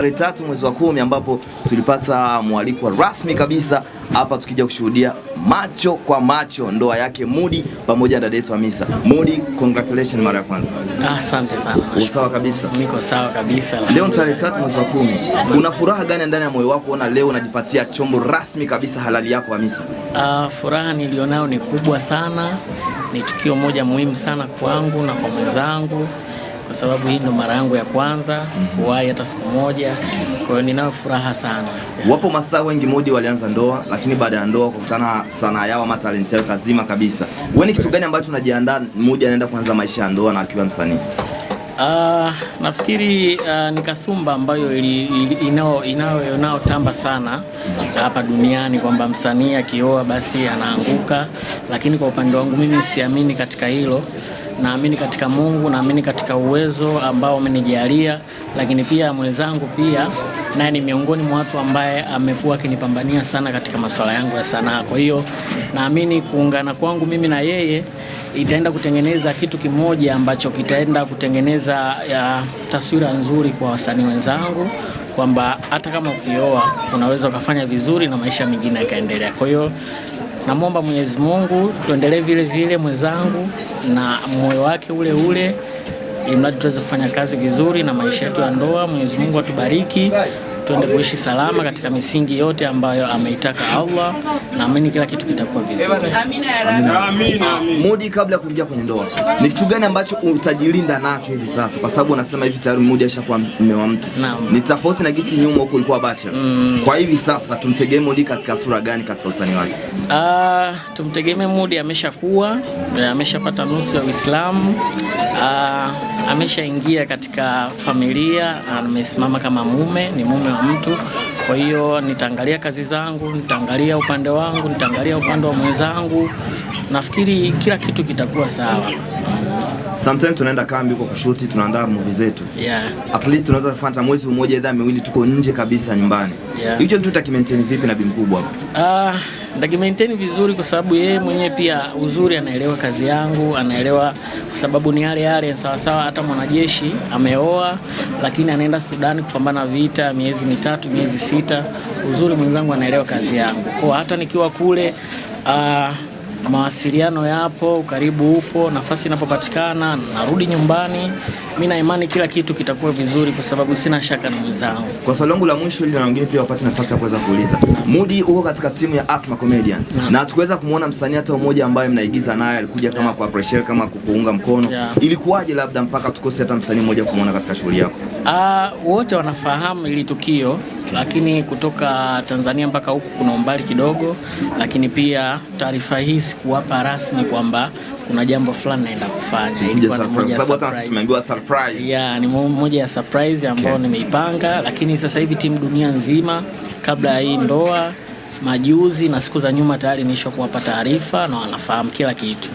Tarehe tatu mwezi wa kumi ambapo tulipata mwaliko rasmi kabisa hapa tukija kushuhudia macho kwa macho ndoa yake Mudi pamoja na dada yetu Hamisa. Mudi, congratulations mara ya kwanza. Ah, asante ah, sana. Uko sawa kabisa? Niko sawa kabisa. Leo tarehe tatu mwezi wa kumi, una furaha gani ndani ya moyo wako na leo unajipatia chombo rasmi kabisa halali yako Hamisa? Ah, furaha nilionayo ni kubwa sana, ni tukio moja muhimu sana kwangu na kwa mwenzangu kwa sababu hii ndo mara yangu ya kwanza, sikuwahi hata siku moja, kwa hiyo ninayo furaha sana. Wapo mastaa wengi modi walianza ndoa, lakini baada ya ndoa kukutana sanaa yao ama talenti yao kazima kabisa. Wewe ni kitu gani ambacho unajiandaa modi anaenda kuanza maisha ya ndoa na akiwa msanii? Uh, nafikiri uh, ni kasumba ambayo inayotamba sana hapa duniani kwamba msanii akioa basi anaanguka, lakini kwa upande wangu mimi siamini katika hilo naamini katika Mungu, naamini katika uwezo ambao amenijalia, lakini pia mwenzangu pia naye ni miongoni mwa watu ambaye amekuwa akinipambania sana katika masuala yangu ya sanaa. Kwa hiyo naamini kuungana kwangu mimi na yeye itaenda kutengeneza kitu kimoja ambacho kitaenda kutengeneza ya taswira nzuri kwa wasanii wenzangu kwamba hata kama ukioa unaweza ukafanya vizuri na maisha mengine yakaendelea. Kwa hiyo Namwomba Mwenyezi Mungu tuendelee vile vile mwenzangu na moyo wake ule ule, ili mradi tuweze kufanya kazi vizuri na maisha yetu ya ndoa. Mwenyezi Mungu atubariki tuende kuishi salama katika misingi yote ambayo ameitaka Allah, naamini kila kitu kitakuwa vizuri. Amina, amina. Ah, Mudi, kabla ya kuingia kwenye ndoa, ni kitu gani ambacho utajilinda nacho hivi sasa, kwa sababu unasema hivi tayari Mudi ashakuwa mume wa mtu? Ni tofauti na gisi nyuma huko ulikuwa bacha. Mm. Kwa hivi sasa tumtegemee Mudi katika sura gani katika usani wake? Ah, tumtegemee Mudi ameshakuwa, eh, ameshapata nusu ya Uislamu. Ah, ameshaingia katika familia, amesimama kama mume, ni mume wa mtu. Kwa hiyo nitaangalia kazi zangu, nitaangalia upande wangu, nitaangalia upande wa mwenzangu. Nafikiri kila kitu kitakuwa sawa. Sometimes tunaenda kambi kwa kushuti, tunaandaa movie zetu. Yeah. At least tunaweza kufanya mwezi mmoja au miwili tuko nje kabisa nyumbani. Hicho yeah. Kitu utakimaintain vipi na bi mkubwa Ah, uh, nitakimaintain vizuri, kwa sababu yeye mwenyewe pia uzuri anaelewa kazi yangu, anaelewa kwa sababu ni yale yale sawasawa. Hata mwanajeshi ameoa, lakini anaenda Sudani kupambana vita miezi mitatu miezi sita. Uzuri mwenzangu anaelewa kazi yangu, kwa hata nikiwa kule uh, mawasiliano yapo, karibu upo, nafasi inapopatikana narudi nyumbani. Mimi na imani kila kitu kitakuwa vizuri, kwa sababu sina shaka na mwenzangu. Kwa swali langu la mwisho, ili na wengine pia wapate nafasi ya kuweza kuuliza, Mudi uko katika timu ya Asma Comedian na tukuweza kumwona msanii hata mmoja ambaye mnaigiza naye alikuja kama kwa pressure, kama kukuunga mkono yeah. Ilikuwaje labda mpaka tukose hata msanii mmoja kumwona katika shughuli yako? Ah, wote wanafahamu ili tukio lakini kutoka Tanzania mpaka huku kuna umbali kidogo, lakini pia taarifa hii sikuwapa rasmi kwamba kuna jambo fulani naenda kufanya, ni moja ya surprise. Tumeambiwa surprise, yeah, ni moja ya surprise ambayo okay, nimeipanga, lakini sasa hivi timu dunia nzima kabla ya hii ndoa majuzi na siku za nyuma tayari nimesha kuwapa taarifa na wanafahamu kila kitu.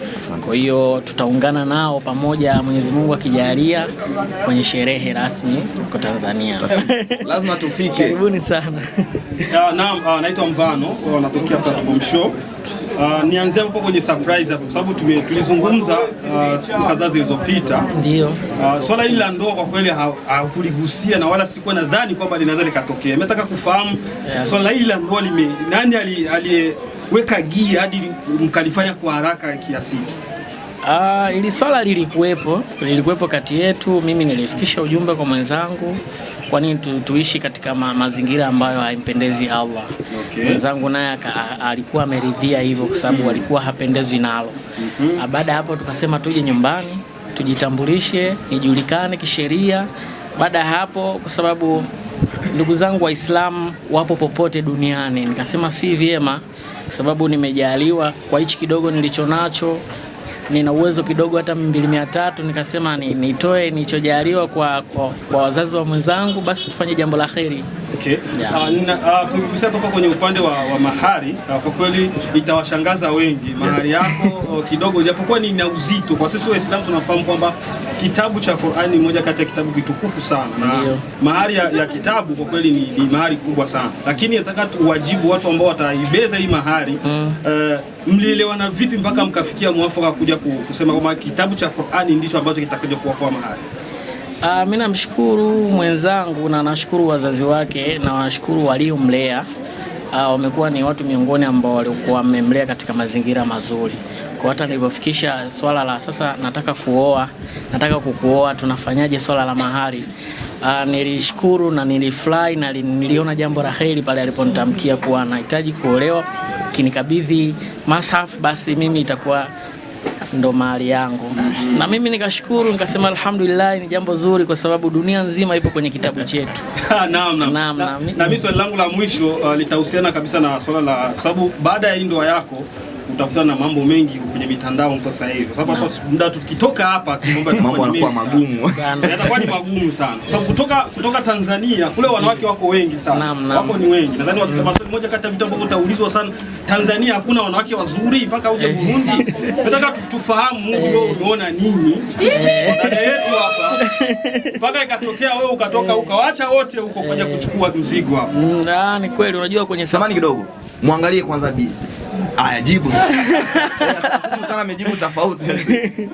Kwa hiyo tutaungana nao pamoja, Mwenyezi Mungu akijalia, kwenye sherehe rasmi huko Tanzania. Lazima tufike. Karibuni sana. Ah, naam, ah, naitwa Mvano, wanatokea ah, Platform Show. Uh, nianzie hapo kwenye surprise hapo kwa sababu tulizungumza uh, siku kadhaa zilizopita. Ndio. Uh, swala hili la ndoa kwa kweli hakuligusia na wala sikuwa nadhani kwamba linaweza likatokea. Nimetaka kufahamu yeah. Swala hili la ndoa lime nani aliyeweka gia hadi mkalifanya kwa haraka kiasi hiki? uh, ili swala lilikuwepo, lilikuwepo kati yetu, mimi nilifikisha ujumbe kwa mwenzangu kwa nini tu, tuishi katika ma, mazingira ambayo haimpendezi Allah. Mwenzangu naye alikuwa ameridhia hivyo kwa sababu mm-hmm. alikuwa hapendezwi nalo. mm -hmm. Baada ya hapo tukasema tuje nyumbani tujitambulishe, nijulikane kisheria. Baada ya hapo, kwa sababu ndugu zangu Waislamu wapo popote duniani, nikasema si vyema, kwa sababu nimejaliwa kwa hichi kidogo nilichonacho nina uwezo kidogo hata mbili mia tatu nikasema ni, nitoe nilichojaliwa kwa, kwa, kwa wazazi wa mwenzangu, basi tufanye jambo la kheri. Okay. Ah, ah, Kugusia hapa kwenye upande wa, wa mahari uh, kwa kweli itawashangaza wengi mahari yako oh, kidogo, japokuwa ni na uzito kwa sisi Waislamu tunafahamu kwamba kitabu cha qurani ni moja kati ya kitabu kitukufu sana na mahari ya, ya kitabu kwa kweli ni, ni mahari kubwa sana, lakini nataka tuwajibu watu ambao wataibeza hii mahari mm. uh, mlielewana vipi mpaka mkafikia mwafaka kuja kusema kwamba kitabu cha Qur'ani ndicho ambacho kitakuja kuokoa mahali? Ah, mimi namshukuru mwenzangu na nashukuru wazazi wake na washukuru waliomlea. Ah, wamekuwa ni watu miongoni ambao walikuwa wamemlea katika mazingira mazuri. Kwa hata nilipofikisha swala la sasa nataka kuoa, nataka kukuoa, tunafanyaje swala la mahari? Ah, nilishukuru na nilifurahi na niliona jambo la heri pale aliponitamkia kuwa anahitaji kuolewa akinikabidhi masaf basi mimi itakuwa ndo mahali yangu, na mimi nikashukuru, nikasema alhamdulillah, ni jambo zuri kwa sababu dunia nzima ipo kwenye kitabu chetu. Naam, naam. Na, na, na, na mimi swali langu la mwisho uh, litahusiana kabisa na swala la, kwa sababu baada ya hii ndoa yako utakutana na mambo mengi kwenye mitandao kwa sasa hivi, kwa sababu hapa muda tukitoka hapa mambo yanakuwa magumu sana, yatakuwa ni magumu sana, kwa sababu kutoka kutoka Tanzania kule wanawake mm. wako wengi sana, wako ni wengi. Nadhani mm. maswali moja kati ya vitu ambavyo utaulizwa sana, Tanzania hakuna wanawake wazuri mpaka uje eh. Burundi. Nataka tufahamu eh. wewe umeona nini eh. dada yetu hapa mpaka ikatokea wewe ukatoka ukawaacha wote huko kuja kuchukua mzigo hapa. Mm, ah, ni kweli, unajua kwenye samani kidogo, mwangalie kwanza bi Aya, jibu sasa. Amejibu tofauti. Uh,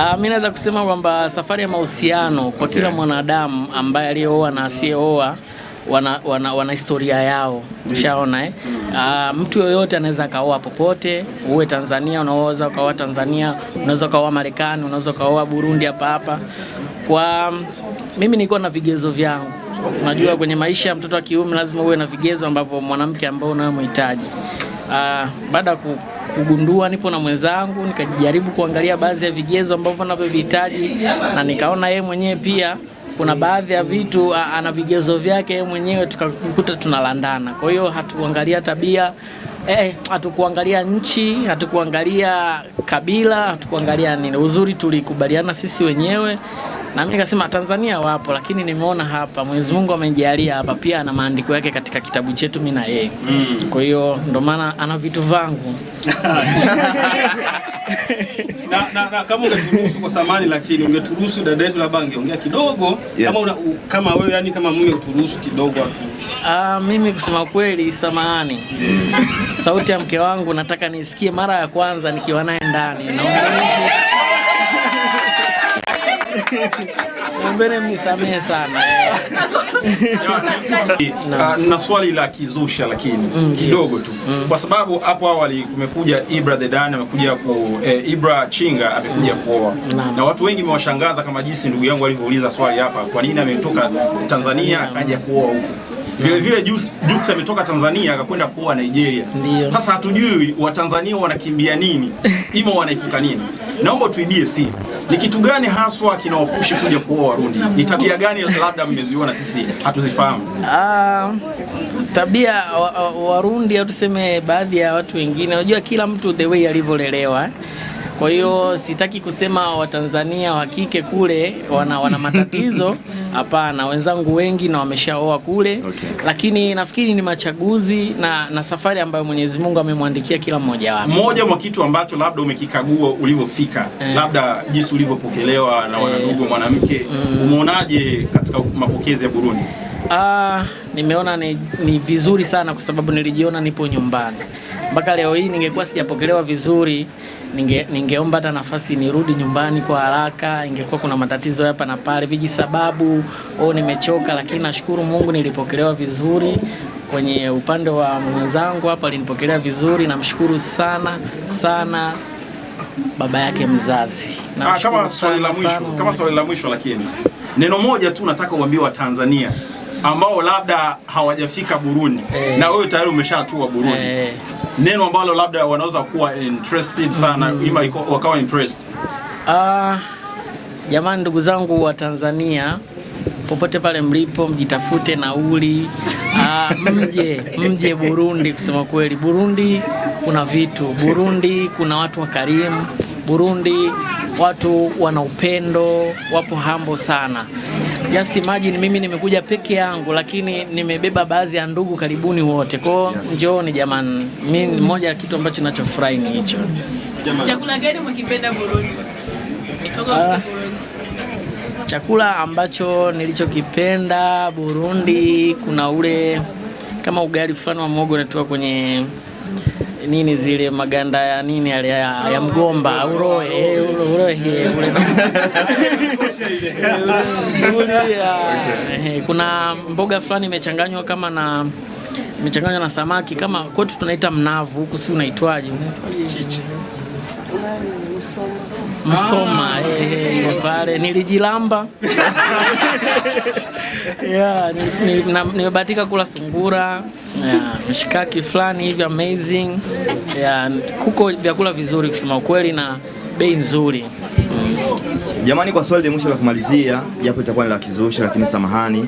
ah, mi naweza kusema kwamba safari ya mahusiano kwa kila mwanadamu ambaye aliyeoa na asiyeoa wana, wana, wana historia yao mm. ushaona eh? Uh, mtu yoyote anaweza kaoa popote, uwe Tanzania unaoza ukaoa Tanzania, unaweza kaoa Marekani, unaweza kaoa Burundi hapa hapa. Kwa mimi nilikuwa na vigezo vyangu. Unajua kwenye maisha ya mtoto wa kiume lazima uwe na vigezo ambavyo mwanamke ambao unayomhitaji Uh, baada ya kugundua nipo na mwenzangu, nikajaribu kuangalia baadhi ya vigezo ambavyo anavyovihitaji na nikaona yeye mwenyewe pia kuna baadhi ya vitu ana vigezo vyake yeye mwenyewe, tukakuta tunalandana. Kwa hiyo hatuangalia tabia eh, hatukuangalia nchi, hatukuangalia kabila, hatukuangalia nini. Uzuri tulikubaliana sisi wenyewe na mimi nikasema Tanzania wapo, lakini nimeona hapa Mwenyezi Mungu amejalia hapa pia ana maandiko yake katika kitabu chetu mimi na yeye mm. Kwa hiyo ndo maana ana vitu vangu na, na, na kama ungeturuhusu kwa samani, lakini ungeturuhusu dada yetu labda angeongea kidogo yes. Kama, una, kama wewe yani kama mume uturuhusu kidogo Ah, mimi kusema kweli samahani. Mm. Sauti ya mke wangu nataka nisikie mara ya kwanza nikiwa naye ndani. Naomba Mwambene mnisamehe sana eh. uh, na swali la kizusha lakini mm, kidogo tu mm, kwa sababu hapo awali kumekuja Ibra the Dan amekuja ku eh, Ibra Chinga amekuja mm. kuoa mm, na watu wengi mewashangaza kama jinsi ndugu yangu alivyouliza swali hapa, kwa nini ametoka Tanzania akaja kuoa huko vilevile Jux ametoka Tanzania akakwenda kuoa Nigeria. Sasa hatujui Watanzania wanakimbia nini, ima wanaepuka nini? Naomba tuibie simu. Ni kitu gani haswa kinawapushi kuja kuoa Warundi? Ni tabia gani labda mmeziona sisi hatuzifahamu? Uh, tabia Warundi au tuseme baadhi ya watu wengine, unajua kila mtu the way alivyolelewa kwa hiyo sitaki kusema Watanzania wa kike kule wana, wana matatizo hapana. Wenzangu wengi na wameshaoa kule okay. Lakini nafikiri ni machaguzi na, na safari ambayo Mwenyezi Mungu amemwandikia kila mmoja wao. Mmoja mwa kitu ambacho labda umekikagua ulivyofika eh, labda jinsi ulivyopokelewa na eh. wanandugu eh, mwanamke mm, umeonaje katika mapokezi ya Burundi? Ah, nimeona ni, ni vizuri sana kwa sababu nilijiona nipo nyumbani. Mpaka leo hii ningekuwa sijapokelewa vizuri ninge, ningeomba hata nafasi nirudi nyumbani kwa haraka, ingekuwa kuna matatizo hapa na pale, viji sababu oh, nimechoka. Lakini nashukuru Mungu nilipokelewa vizuri kwenye upande wa mwenzangu hapa alinipokelea vizuri, namshukuru sana sana baba yake mzazi. Ah, kama swali la mwisho, kama swali la mwisho, lakini neno moja tu nataka uambie Watanzania ambao labda hawajafika Buruni hey. Eh. na wewe tayari umeshatua Buruni hey. Eh neno ambalo labda wanaweza kuwa interested sana mm. ima wakawa impressed? Uh, jamani, ndugu zangu wa Tanzania popote pale mlipo, mjitafute nauli uh, mje mje Burundi. Kusema kweli, Burundi kuna vitu, Burundi kuna watu wakarimu, Burundi watu wana upendo, wapo hambo sana. Just imagine mimi nimekuja peke yangu, lakini nimebeba baadhi ya ndugu karibuni wote kwao. Njooni jamani, mi moja ya kitu ambacho nachofurahi ni hicho. Chakula gani mkipenda Burundi? Uh, chakula ambacho nilichokipenda Burundi kuna ule kama ugali fulani wa mogo unatoka kwenye nini zile maganda ya nini ya, ya, ya mgomba uroe uroe eh, kuna mboga fulani imechanganywa kama na imechanganywa na samaki kama kwetu tunaita mnavu, huku si unaitwaje? Msoma ah. eh, eh, pale nilijilamba, yeah, nilibahatika kula sungura yeah, mshikaki fulani hivi amazing yeah, kuko vyakula vizuri kusema ukweli na bei nzuri mm. Jamani, kwa swali la mwisho la kumalizia, japo itakuwa ni la kizushi, lakini samahani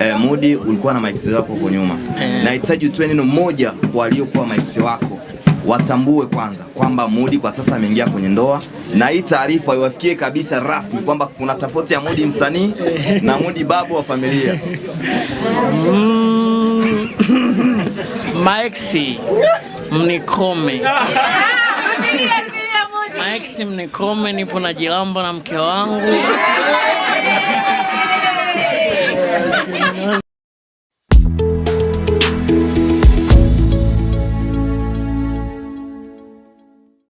eh, Mudi ulikuwa na maiksi zako huko nyuma eh. Nahitaji utoe neno moja kwa waliokuwa maiksi wako watambue kwanza kwamba Mudi kwa sasa ameingia kwenye ndoa, na hii taarifa iwafikie kabisa rasmi kwamba kuna tofauti ya Mudi msanii na Mudi babu wa familia mm. Maeksi mnikome, maeksi mnikome, nipo na jilamba na mke wangu